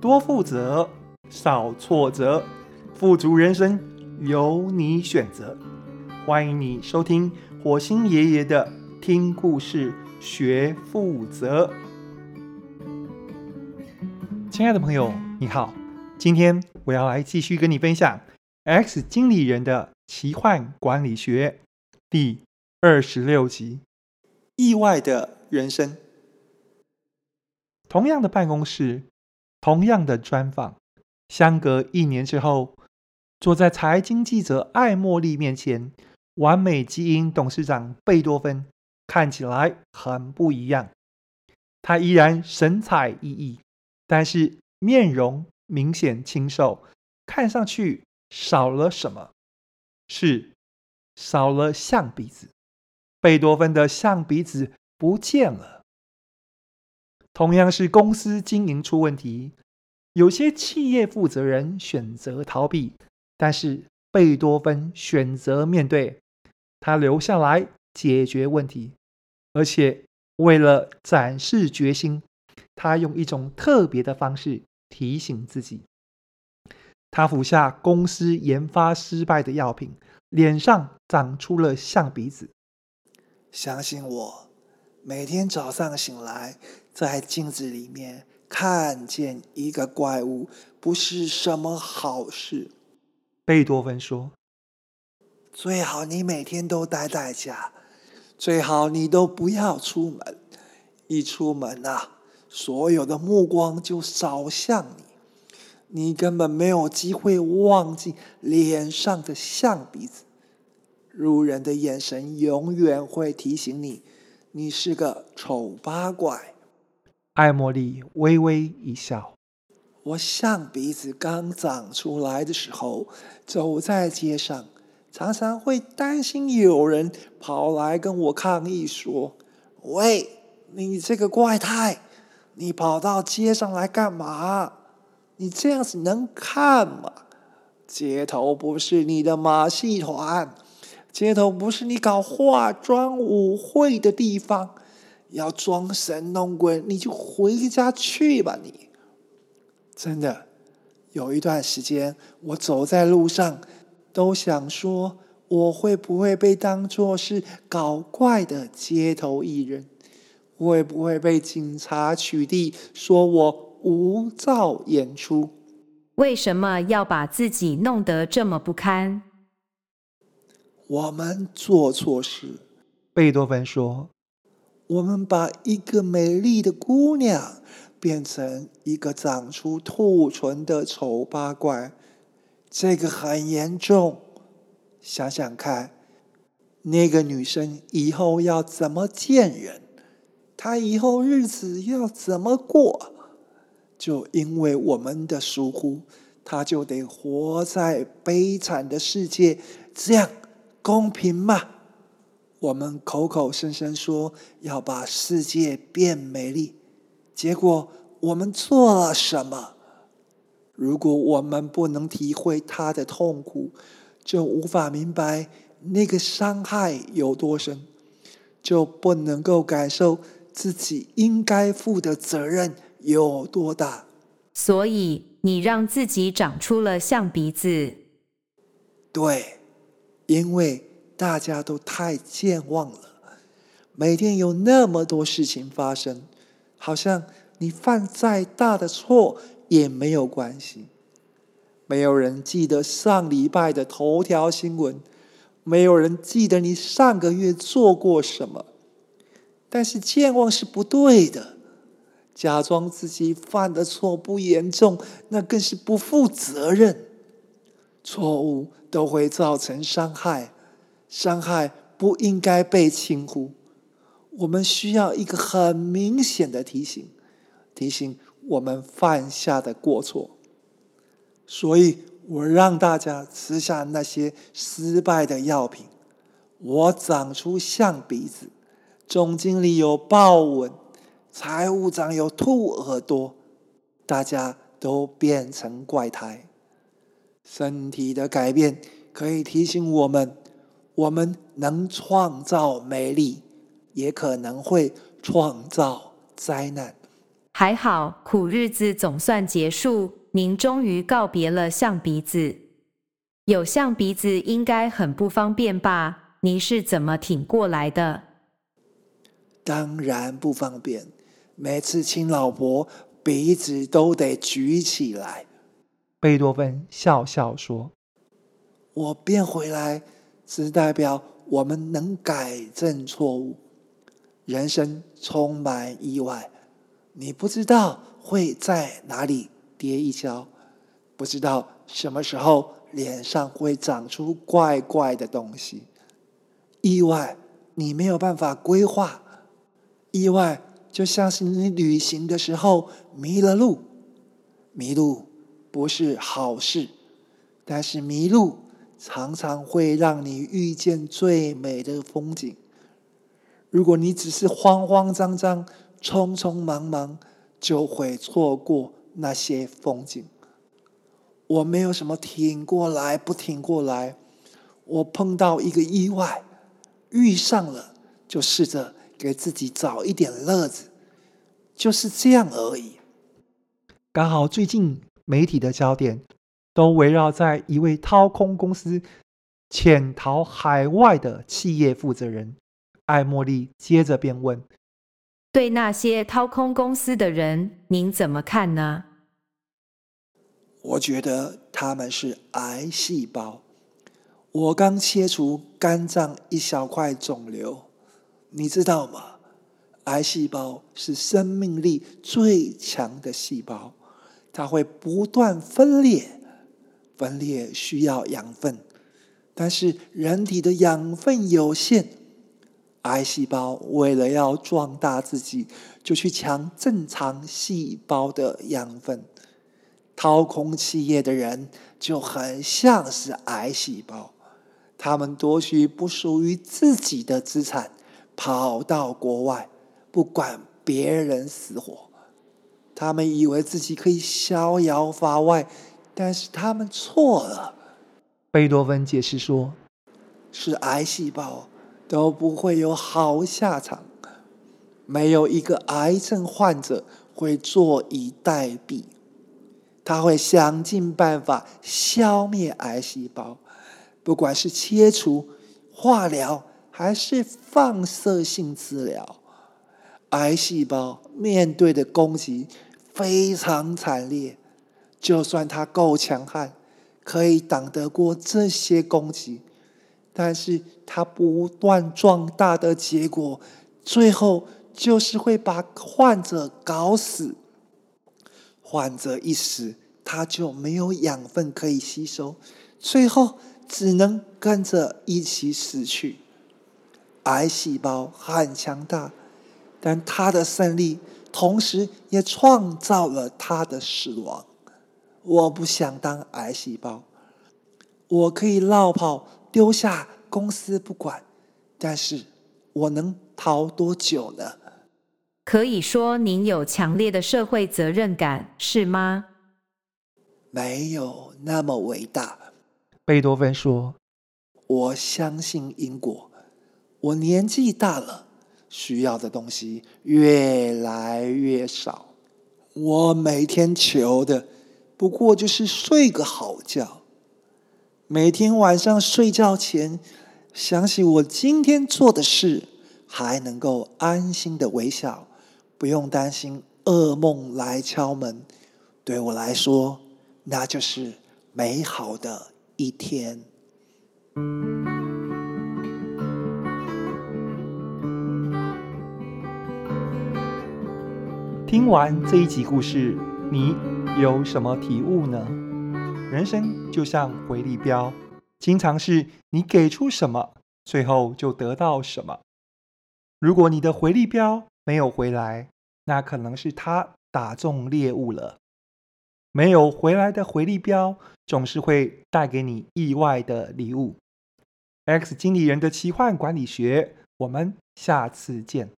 多富擇，少挫折，富足人生由你選擇。歡迎你收聽火星爺爺的聽故事學富擇。親愛的朋友，你好，今天我要來繼續跟你分享《X 經理人的奇幻管理學》第二十六集《意外的人生》。同樣的辦公室。同樣的專訪，相隔一年之後，坐在財經記者艾茉莉面前，完美基因董事長貝多芬看起來很不一樣。他依然神采奕奕，但是面容明顯清瘦，看上去少了什麼？是少了象鼻子。貝多芬的象鼻子不見了。同樣是公司經營出問題，有些企業負責人選擇逃避，但是貝多芬選擇面對，他留下來解決問題，而且為了展示決心，他用一種特別的方式提醒自己。他服下公司研發失敗的藥品，臉上長出了象鼻子。相信我，每天早上醒來，在鏡子裡面看見一個怪物，不是什麼好事。”貝多芬說，“最好你每天都待在家，最好你都不要出門。一出門啊，所有的目光就掃向你，你根本沒有機會忘記臉上的象鼻子。路人的眼神永遠會提醒你，你是個醜八怪。”艾茉莉微微一笑。我象鼻子剛長出來的時候，走在街上，常常會擔心有人跑來跟我抗議說：“喂，你這個怪胎，你跑到街上來幹嘛？你這樣子能看嗎？街頭不是你的馬戲團，街頭不是你搞化妝舞會的地方。”要裝神弄鬼，你就回家去吧！你真的有一段時間，我走在路上，都想說我會不會被當作是搞怪的街頭藝人，會不會被警察取締，說我無照演出？為什麼要把自己弄得這麼不堪？我們做錯事，貝多芬說。我們把一個美麗的姑娘變成一個長出兔唇的醜八怪，這個很嚴重。想想看，那個女生以後要怎麼見人？她以後日子要怎麼過？就因為我們的疏忽，她就得活在悲慘的世界，這樣公平嗎？我們口口聲聲說要把世界變美麗，結果我們做了什麼？如果我們不能體會他的痛苦，就無法明白那個傷害有多深，就不能夠感受自己應該負的責任有多大。所以，你讓自己長出了象鼻子。對，因為。大家都太健忘了，每天有那麼多事情發生，好像你犯再大的錯也沒有關係。沒有人記得上禮拜的頭條新聞，沒有人記得你上個月做過什麼。但是健忘是不對的，假裝自己犯的錯不嚴重，那更是不負責任。錯誤都會造成傷害。傷害不應該被輕忽，我們需要一個很明顯的提醒，提醒我們犯下的過錯。所以我讓大家吃下那些失敗的藥品，我長出象鼻子，總經理有豹紋，財務長有兔耳朵，大家都變成怪胎。身體的改變可以提醒我們。我們能創造美麗，也可能會創造災難。還好，苦日子總算結束，您終於告別了象鼻子。有象鼻子應該很不方便吧？您是怎麼挺過來的？當然不方便，每次親老婆鼻子都得舉起來。貝多芬笑笑說：“我變回來。”只代表我們能改正錯誤。人生充滿意外，你不知道會在哪裡跌一跤，不知道什麼時候臉上會長出怪怪的東西。意外，你沒有辦法規劃。意外，就像是你旅行的時候迷了路。迷路不是好事，但是迷路。常常會讓你遇見最美的風景。如果你只是慌慌張張、匆匆忙忙，就會錯過那些風景。我沒有什麼挺過來，不挺過來。我碰到一個意外，遇上了就試着給自己找一點樂子，就是這樣而已。剛好最近媒體的焦點，都圍繞在一位掏空公司、潛逃海外的企業負責人。艾茉莉接著便問：“對那些掏空公司的人，您怎麼看呢？”我覺得他們是癌細胞。我剛切除肝臟一小塊腫瘤，你知道嗎？癌細胞是生命力最強的細胞，它會不斷分裂。分裂需要養分，但是人體的養分有限。癌細胞為了要壯大自己，就去搶正常細胞的養分。掏空企業的人就很像是癌細胞，他們奪取不屬於自己的資產，跑到國外，不管別人死活。他們以為自己可以逍遙法外。但是他們錯了，貝多芬解釋說：“是癌細胞都不會有好下場，沒有一個癌症患者會坐以待斃，他會想盡辦法消滅癌細胞，不管是切除、化療還是放射性治療，癌細胞面對的攻擊非常慘烈。”就算他夠強悍，可以擋得過這些攻擊，但是他不斷壯大的結果，最後就是會把患者搞死。患者一死，他就沒有養分可以吸收，最後只能跟着一起死去。癌細胞很強大，但他的勝利，同時也創造了他的死亡。我不想當癌細胞，我可以落跑丟下公司不管，但是我能逃多久呢？可以說您有強烈的社會責任感，是嗎？沒有那麼偉大。貝多芬說：“我相信因果。我年紀大了，需要的東西越來越少，我每天求的。”不過就是睡個好覺。每天晚上睡覺前，想起我今天做的事，還能夠安心的微笑，不用擔心噩夢來敲門。對我來說，那就是美好的一天。聽完這一集故事，你。有什麼體悟呢？人生就像回力鏢，經常是你給出什麼，最後就得到什麼。如果你的回力鏢沒有回來，那可能是它打中獵物了。沒有回來的回力鏢，總是會帶給你意外的禮物。X 經理人的奇幻管理學，我們下次見。